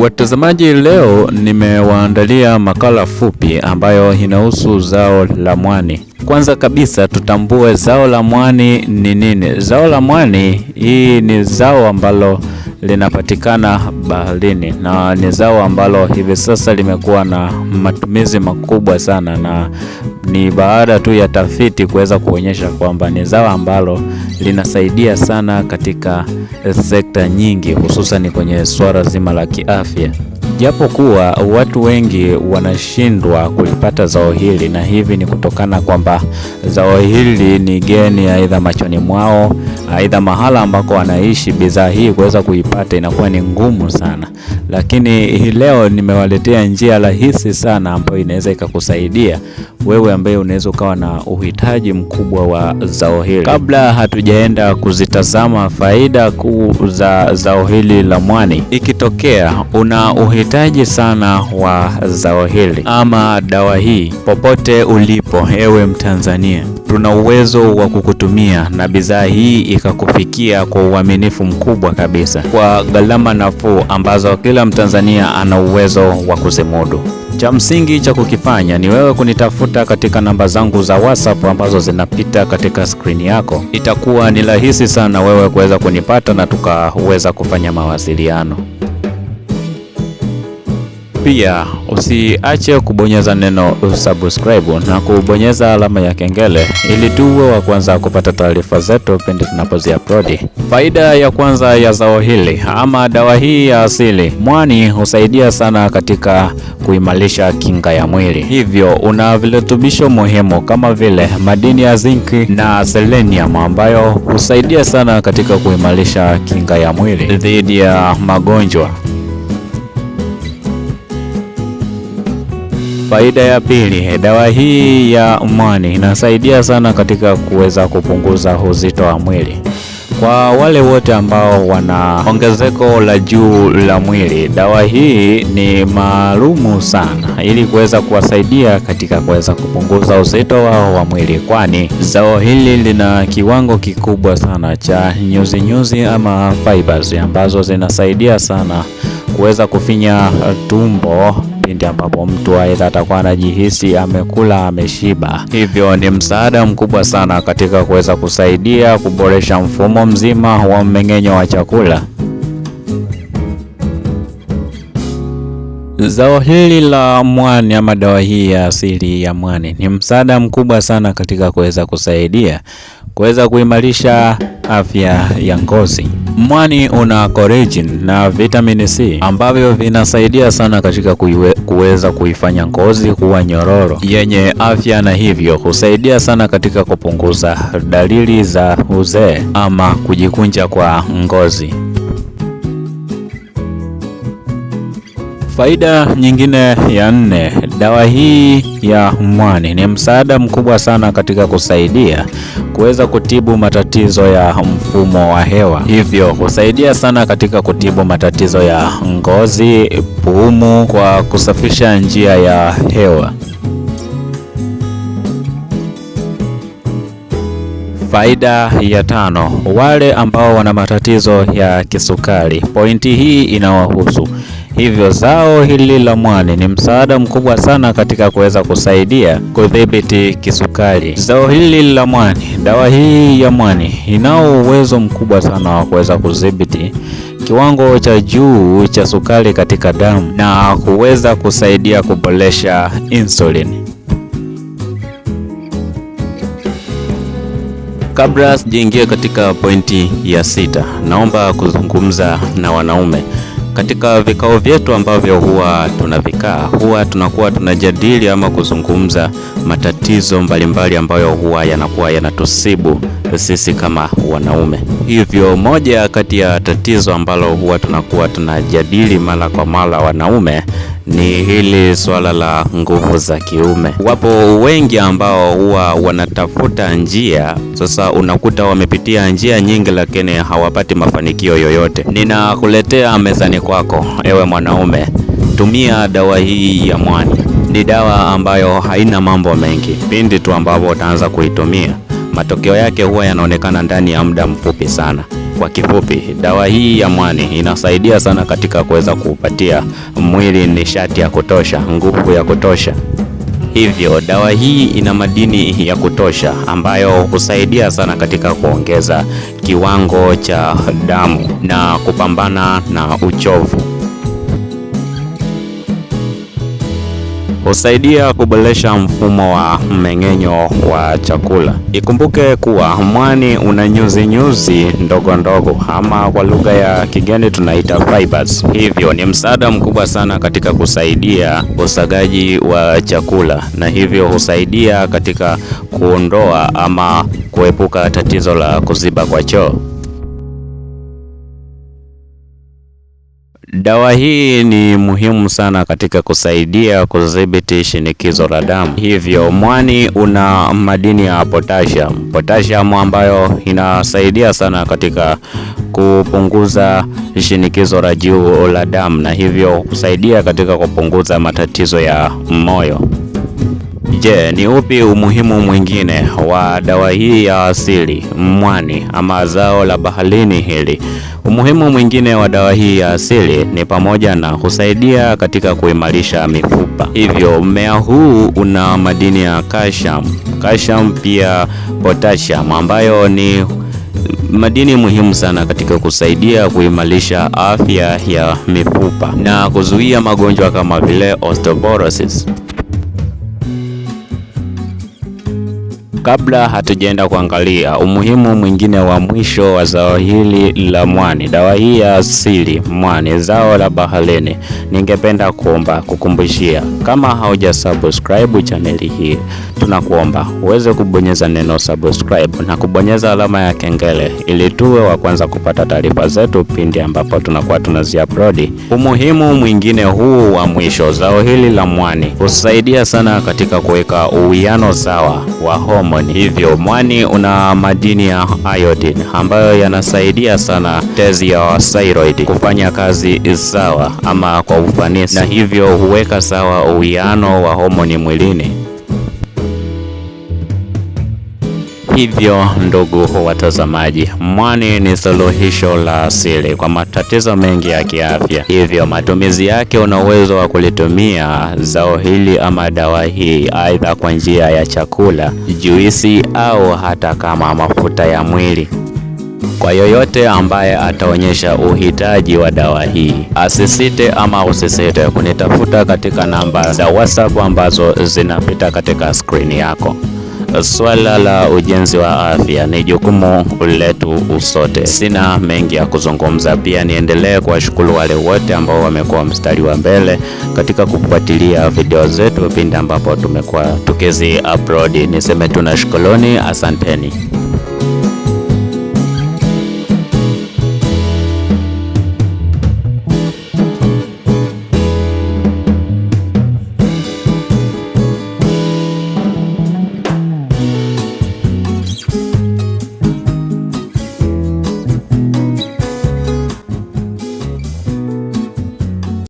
Watazamaji, leo nimewaandalia makala fupi ambayo inahusu zao la mwani. Kwanza kabisa tutambue zao la mwani ni nini. Zao la mwani hii ni zao ambalo linapatikana baharini na ni zao ambalo hivi sasa limekuwa na matumizi makubwa sana, na ni baada tu ya tafiti kuweza kuonyesha kwamba ni zao ambalo linasaidia sana katika sekta nyingi, hususan kwenye swala zima la kiafya. Japo kuwa watu wengi wanashindwa kulipata zao hili, na hivi ni kutokana kwamba zao hili ni geni, aidha machoni mwao, aidha mahala ambako wanaishi. Bidhaa hii kuweza kuipata inakuwa ni ngumu sana, lakini hii leo nimewaletea njia rahisi sana ambayo inaweza ikakusaidia wewe ambaye unaweza ukawa na uhitaji mkubwa wa zao hili. Kabla hatujaenda kuzitazama faida kuu za zao hili la mwani, ikitokea una uhitaji uhitaji sana wa zao hili ama dawa hii. Popote ulipo, ewe Mtanzania, tuna uwezo wa kukutumia na bidhaa hii ikakufikia kwa uaminifu mkubwa kabisa kwa gharama nafuu ambazo kila Mtanzania ana uwezo wa kuzimudu. Cha msingi cha kukifanya ni wewe kunitafuta katika namba zangu za WhatsApp ambazo zinapita katika skrini yako. Itakuwa ni rahisi sana wewe kuweza kunipata na tukaweza kufanya mawasiliano. Pia usiache kubonyeza neno subscribe na kubonyeza alama ya kengele ili tuwe wa kwanza kupata taarifa zetu pindi tunapoziaplodi. Faida ya kwanza ya zao hili ama dawa hii ya asili mwani husaidia sana katika kuimarisha kinga ya mwili, hivyo una virutubisho muhimu kama vile madini ya zinki na selenium ambayo husaidia sana katika kuimarisha kinga ya mwili dhidi ya magonjwa. Faida ya pili, dawa hii ya mwani inasaidia sana katika kuweza kupunguza uzito wa mwili. Kwa wale wote ambao wana ongezeko la juu la mwili, dawa hii ni maalumu sana ili kuweza kuwasaidia katika kuweza kupunguza uzito wao wa mwili, kwani zao hili lina kiwango kikubwa sana cha nyuzinyuzi nyuzi ama fibers ambazo zinasaidia sana kuweza kufinya tumbo kipindi ambapo mtu aidha atakuwa anajihisi amekula ameshiba. Hivyo ni msaada mkubwa sana katika kuweza kusaidia kuboresha mfumo mzima wa mmeng'enyo wa chakula. Zao hili la mwani ama dawa hii ya asili ya mwani ni msaada mkubwa sana katika kuweza kusaidia kuweza kuimarisha afya ya ngozi. Mwani una collagen na vitamin C ambavyo vinasaidia sana katika kuweza kuifanya ngozi kuwa nyororo yenye afya, na hivyo husaidia sana katika kupunguza dalili za uzee ama kujikunja kwa ngozi. Faida nyingine ya nne, dawa hii ya mwani ni msaada mkubwa sana katika kusaidia kuweza kutibu matatizo ya mfumo wa hewa, hivyo husaidia sana katika kutibu matatizo ya ngozi, pumu kwa kusafisha njia ya hewa. Faida ya tano, wale ambao wana matatizo ya kisukari, pointi hii inawahusu. Hivyo zao hili la mwani ni msaada mkubwa sana katika kuweza kusaidia kudhibiti kisukari. Zao hili la mwani, dawa hii ya mwani inao uwezo mkubwa sana wa kuweza kudhibiti kiwango cha juu cha sukari katika damu na kuweza kusaidia kuboresha insulin. Kabla sijaingia katika pointi ya sita, naomba kuzungumza na wanaume. Katika vikao vyetu ambavyo huwa tunavikaa, huwa tunakuwa tunajadili ama kuzungumza matatizo mbalimbali mbali ambayo huwa yanakuwa yanatusibu sisi kama wanaume. Hivyo moja kati ya tatizo ambalo huwa tunakuwa tunajadili mara kwa mara wanaume ni hili swala la nguvu za kiume. Wapo wengi ambao huwa wanatafuta njia, sasa unakuta wamepitia njia nyingi, lakini hawapati mafanikio yoyote. Ninakuletea mezani kwako, ewe mwanaume, tumia dawa hii ya mwani. Ni dawa ambayo haina mambo mengi, pindi tu ambapo utaanza kuitumia Matokeo yake huwa yanaonekana ndani ya muda mfupi sana. Kwa kifupi, dawa hii ya mwani inasaidia sana katika kuweza kuupatia mwili nishati ya kutosha, nguvu ya kutosha. Hivyo dawa hii ina madini ya kutosha ambayo husaidia sana katika kuongeza kiwango cha damu na kupambana na uchovu. husaidia kuboresha mfumo wa mmeng'enyo wa chakula. Ikumbuke kuwa mwani una nyuzi nyuzi ndogo ndogo ama kwa lugha ya kigeni tunaita fibers. Hivyo ni msaada mkubwa sana katika kusaidia usagaji wa chakula na hivyo husaidia katika kuondoa ama kuepuka tatizo la kuziba kwa choo. Dawa hii ni muhimu sana katika kusaidia kudhibiti shinikizo la damu. Hivyo mwani una madini ya potassium, potassium ambayo inasaidia sana katika kupunguza shinikizo la juu la damu na hivyo kusaidia katika kupunguza matatizo ya moyo. Je, ni upi umuhimu mwingine wa dawa hii ya asili mwani ama zao la baharini hili? Umuhimu mwingine wa dawa hii ya asili ni pamoja na husaidia katika kuimarisha mifupa. Hivyo mmea huu una madini ya calcium, calcium pia potassium ambayo ni madini muhimu sana katika kusaidia kuimarisha afya ya mifupa na kuzuia magonjwa kama vile osteoporosis. Kabla hatujaenda kuangalia umuhimu mwingine wa mwisho wa zao hili la mwani, dawa hii ya asili mwani, zao la baharini, ningependa kuomba kukumbushia, kama hauja subscribe chaneli hii, tunakuomba uweze kubonyeza neno subscribe na kubonyeza alama ya kengele ili tuwe wa kwanza kupata taarifa zetu pindi ambapo tunakuwa tunaziaplodi. Umuhimu mwingine huu wa mwisho, zao hili la mwani husaidia sana katika kuweka uwiano sawa wa homo hormone. Hivyo mwani una madini ya iodine ambayo yanasaidia sana tezi ya thyroid kufanya kazi sawa ama kwa ufanisi, na hivyo huweka sawa uwiano wa homoni mwilini. Hivyo ndugu watazamaji, mwani ni suluhisho la asili kwa matatizo mengi ya kiafya, hivyo matumizi yake, una uwezo wa kulitumia zao hili ama dawa hii aidha kwa njia ya chakula, juisi au hata kama mafuta ya mwili. Kwa yoyote ambaye ataonyesha uhitaji wa dawa hii asisite ama usisite kunitafuta katika namba za WhatsApp ambazo zinapita katika skrini yako. Swala la ujenzi wa afya ni jukumu letu usote Sina mengi ya kuzungumza, pia niendelee kuwashukuru wale wote ambao wamekuwa mstari wa mbele katika kufuatilia video zetu pindi ambapo tumekuwa tukizi upload. Niseme tunashukuruni, asanteni.